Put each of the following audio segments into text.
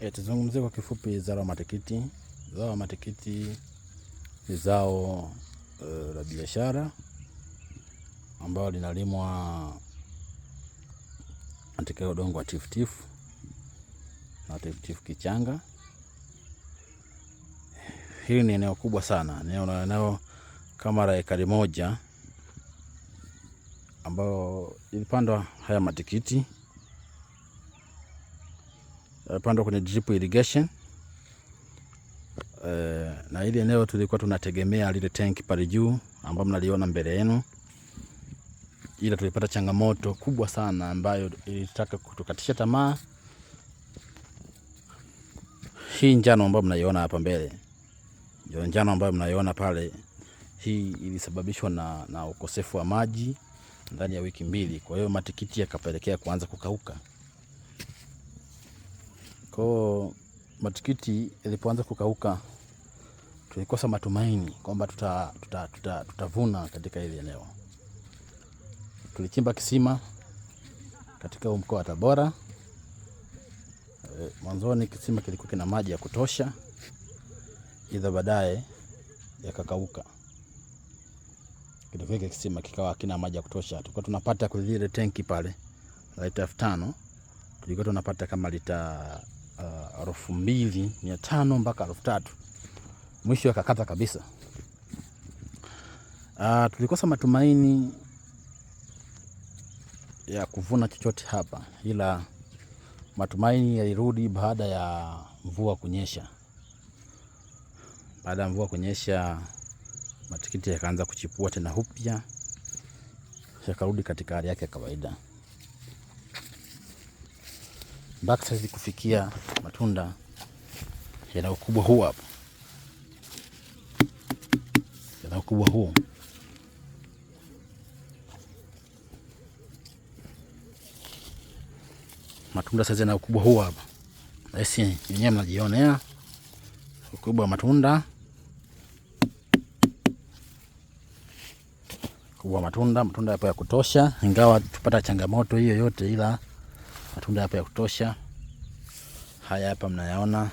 E, tuzungumzie kwa kifupi zao la matikiti. Zao la matikiti ni zao eh, la biashara ambalo linalimwa katika udongo wa tifutifu na tifutifu kichanga. Hili ni eneo kubwa sana, eneo kama la ekari moja ambayo ilipandwa haya matikiti. Eh, pandwa kwenye drip irrigation. E, na ile eneo tulikuwa tunategemea lile tank pale juu ambapo mnaliona mbele yenu, ila tulipata changamoto kubwa sana ambayo ilitaka kutukatisha tamaa. Hii njano ambayo mnaiona hapa mbele ndio njano ambayo mnaiona pale, hii ilisababishwa na, na ukosefu wa maji ndani ya wiki mbili. Kwa hiyo matikiti yakapelekea kuanza kukauka. Kwa matikiti yalipoanza kukauka, tulikosa matumaini kwamba tutavuna tuta, tuta, tuta katika hili eneo. Tulichimba kisima katika mkoa wa Tabora. Eh, mwanzoni kisima kilikuwa kina maji ya kutosha, ila baadaye yakakauka kidogo, kisima kikawa kina maji ya kutosha. Tulikuwa tunapata kwenye tenki pale lita elfu tano tulikuwa tunapata kama lita elfu uh, mbili mia tano mpaka elfu tatu mwisho akakata kabisa. Uh, tulikosa matumaini ya kuvuna chochote hapa, ila matumaini yalirudi baada ya mvua kunyesha. Baada ya mvua kunyesha, matikiti yakaanza kuchipua tena upya, yakarudi katika hali yake ya kawaida mpaka saizi kufikia matunda yana ukubwa huu hapa, yana ukubwa huu. Matunda saizi yana ukubwa huu hapa, basi yenyewe mnajionea ukubwa wa matunda, ukubwa wa matunda. Matunda yapo ya kutosha, ingawa tupata changamoto hiyo yote, ila matunda yapo ya kutosha. Haya hapa mnayaona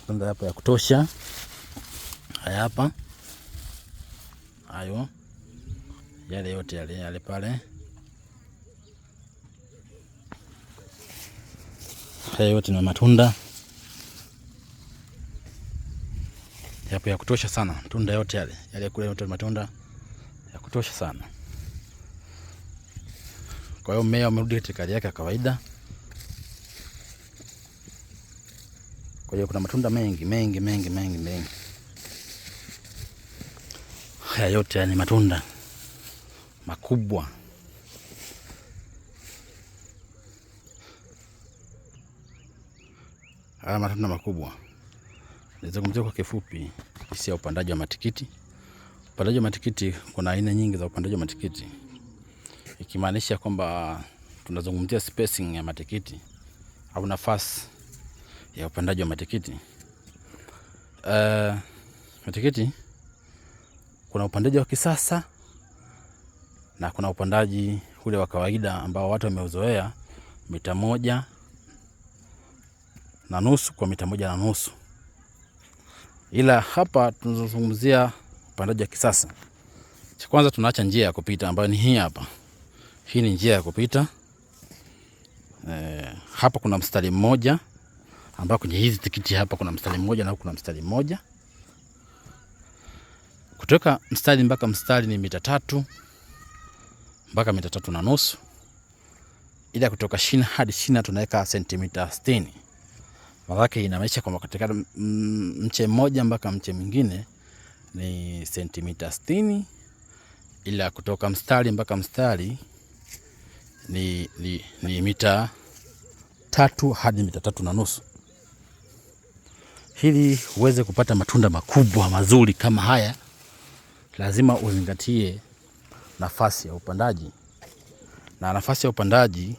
matunda yapo ya kutosha. Haya hapa hayo yale yote yale yale pale, haya yote na matunda yapo ya kutosha sana, matunda yote yale yale kule yote matunda ya kutosha sana. Kwa hiyo mmea umerudi katika hali yake ya kawaida. Kwa hiyo kuna matunda mengi mengi mengi mengi mengi. Haya yote ni matunda makubwa. Haya matunda makubwa nizungumzia kwa kifupi hisia ya upandaji wa matikiti. Upandaji wa matikiti, kuna aina nyingi za upandaji wa matikiti ikimaanisha kwamba tunazungumzia spacing ya matikiti au nafasi ya upandaji wa matikiti. Uh, matikiti kuna upandaji wa kisasa na kuna upandaji ule wa kawaida ambao watu wameuzoea mita moja na nusu kwa mita moja na nusu, ila hapa tunazungumzia upandaji wa kisasa. Cha kwanza tunaacha njia ya kupita ambayo ni hii hapa. Hii ni njia ya kupita e, hapa kuna mstari mmoja ambao kwenye hizi tikiti hapa kuna mstari mmoja na kuna mstari mmoja. Kutoka mstari mpaka mstari ni mita tatu mpaka mita tatu na nusu ila kutoka shina hadi shina tunaweka sentimita 60. Maanake inamaanisha kwamba katika mche mmoja mpaka mche mwingine ni sentimita 60, ila kutoka mstari mpaka mstari ni, ni, ni mita tatu hadi mita tatu na nusu ili uweze kupata matunda makubwa mazuri kama haya, lazima uzingatie nafasi ya upandaji. Na nafasi ya upandaji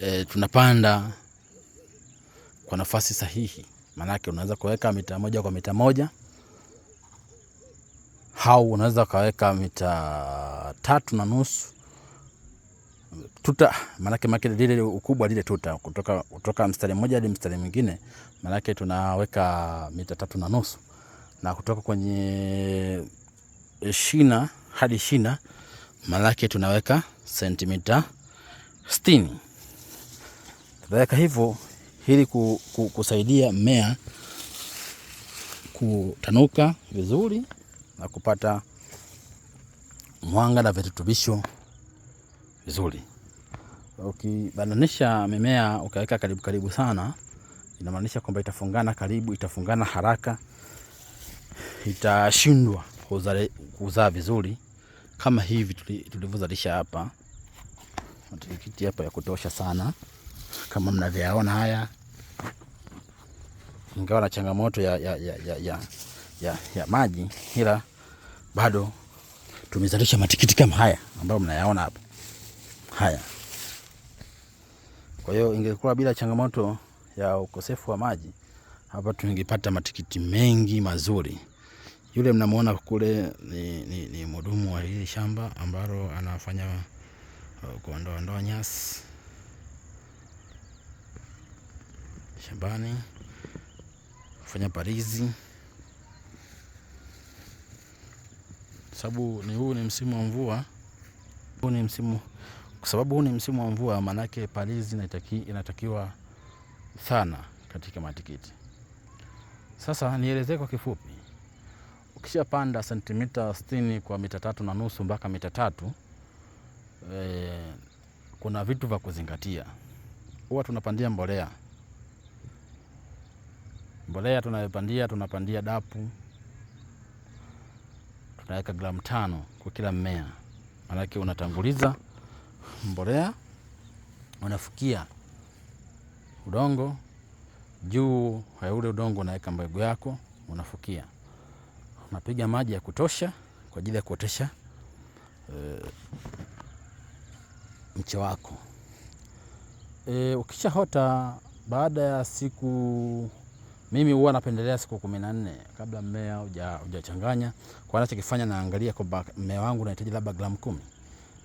e, tunapanda kwa nafasi sahihi, maanake unaweza kuweka mita moja kwa mita moja au unaweza ukaweka mita tatu na nusu tuta manake make lile ukubwa lile tuta kutoka, kutoka mstari mmoja hadi mstari mwingine, manake tunaweka mita tatu na nusu na kutoka kwenye eh, shina hadi shina manake tunaweka sentimita sitini. Tutaweka hivyo ili kusaidia mmea kutanuka vizuri na kupata mwanga na virutubisho vizuri. Ukibananisha mimea ukaweka karibu karibu sana, inamaanisha kwamba itafungana karibu, itafungana haraka, itashindwa kuzaa vizuri kama hivi tulivyozalisha hapa matikiti hapa ya kutosha sana, kama mnavyoyaona haya, ingawa na changamoto ya, ya, ya, ya, ya, ya, ya maji, ila bado tumezalisha matikiti kama haya ambayo mnayaona hapa. Haya, kwa hiyo ingekuwa bila changamoto ya ukosefu wa maji hapa tungepata matikiti mengi mazuri. Yule mnamwona kule ni, ni, ni mhudumu wa hili shamba ambalo anafanya uh, kuondoa kuondoandoa nyasi shambani, kufanya parizi, sababu ni huu ni msimu wa mvua, huu ni msimu kwa sababu huu ni msimu wa mvua, maanake palizi inataki, inatakiwa sana katika matikiti. Sasa nielezee kwa kifupi. Ukishapanda sentimita 60 kwa mita tatu na nusu mpaka mita tatu e, kuna vitu vya kuzingatia. Huwa tunapandia mbolea, mbolea tunayopandia tunapandia dapu, tunaweka gramu tano kwa kila mmea, maanake unatanguliza mbolea, unafukia udongo juu ya ule udongo, unaweka mbegu yako, unafukia, unapiga maji ya kutosha kwa ajili ya kuotesha e, mche wako e, eh, ukishahota baada ya siku mimi huwa napendelea siku kumi na nne kabla mmea hujachanganya. Kwa nachokifanya naangalia kwamba mmea wangu unahitaji labda gramu kumi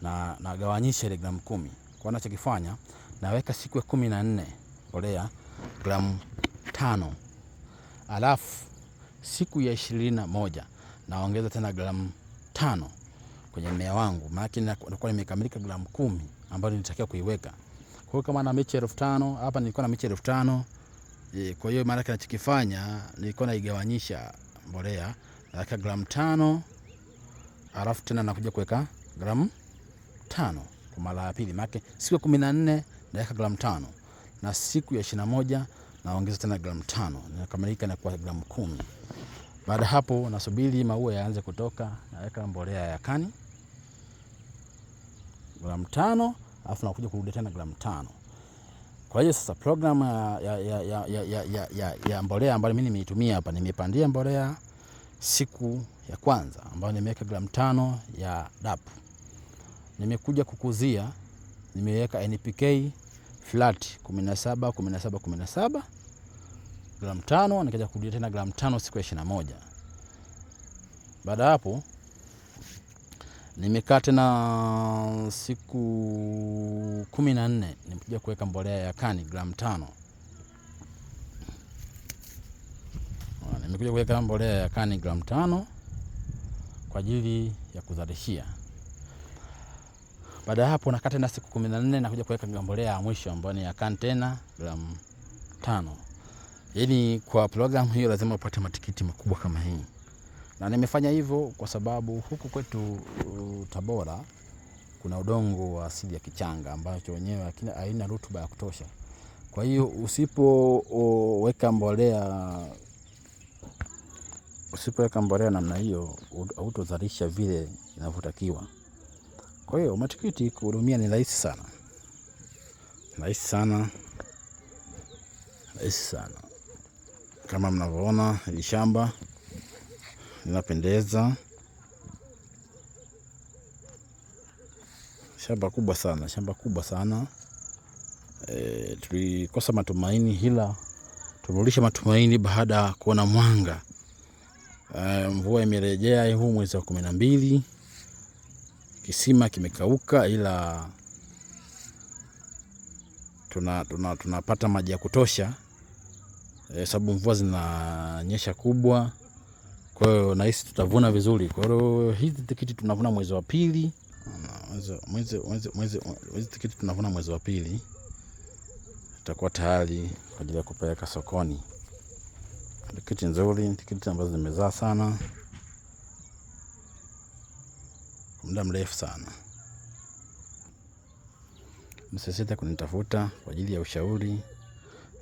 na nagawanyisha ile gramu kumi. Kwa nachokifanya naweka siku ya kumi na nne mbolea gramu tano, alafu siku ya ishirini na moja naongeza tena gramu tano kwenye mmea wangu, maana nakuwa nimekamilika gramu kumi ambayo nilitakiwa kuiweka. Kwa hiyo kama na miche elfu tano hapa nilikuwa na miche elfu tano kwa hiyo maanake nachokifanya nilikuwa naigawanyisha mbolea naweka gramu tano alafu tena nakuja kuweka gramu tano kwa mara ya pili, maana siku ya kumi na nne naweka gramu tano na siku ya ishirini na moja naongeza tena gramu tano nakamilika na kwa gramu kumi. Baada hapo nasubiri maua yaanze kutoka, naweka mbolea ya kani gramu tano alafu nakuja kurudia tena gramu tano. Kwa hiyo sasa programu ya, ya, ya, ya, ya, ya, ya mbolea ambayo mimi nimeitumia hapa, nimepandia mbolea siku ya kwanza ambayo nimeweka gramu tano ya dapu nimekuja kukuzia, nimeweka NPK flat 17 17 17 gram 5, nikaja kurudia tena gram 5 siku ya 21. Baada hapo nimekaa tena siku 14, nimekuja kuweka mbolea ya kani gram 5, nimekuja kuweka mbolea ya kani gram 5 kwa ajili ya kuzalishia. Baada ya hapo nakaa tena siku kumi na nne nakuja kuweka mbolea ya mwisho ambayo ni ya kantena gramu tano. Yaani kwa programu hiyo lazima upate matikiti makubwa kama hii, na nimefanya hivyo kwa sababu huku kwetu uh, Tabora kuna udongo wa asili ya kichanga ambacho wenyewe haina rutuba ya kutosha. Kwa hiyo usipoweka uh, mbolea usipoweka mbolea namna hiyo hautozalisha vile inavyotakiwa. Kwa hiyo matikiti kuhudumia ni rahisi sana, rahisi sana, rahisi sana. Kama mnavyoona, hili shamba linapendeza, shamba kubwa sana, shamba kubwa sana. E, tulikosa matumaini hila tumerudisha matumaini baada ya kuona mwanga. E, mvua imerejea huu mwezi wa kumi na mbili kisima kimekauka, ila tunapata tuna, tuna maji ya kutosha e, sababu mvua zinanyesha kubwa. Kwa hiyo nahisi tutavuna vizuri. Kwa hiyo hizi tikiti tunavuna mwezi wa pili, hizi tikiti tunavuna mwezi wa pili, tutakuwa tayari kwa ajili ya kupeleka sokoni. Tikiti nzuri, tikiti ambazo zimezaa sana kwa muda mrefu sana. Msisite kunitafuta kwa ajili ya ushauri.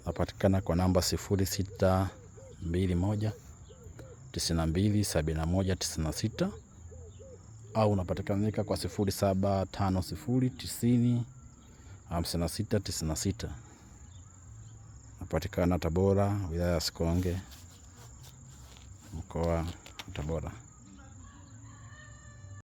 Napatikana kwa namba sifuri sita mbili mbili moja 0621 92 71 sita au unapatikanika kwa sifuri sifuri saba tano tisini 0750 90 56 sita Napatikana Tabora, wilaya ya Sikonge, mkoa wa Tabora.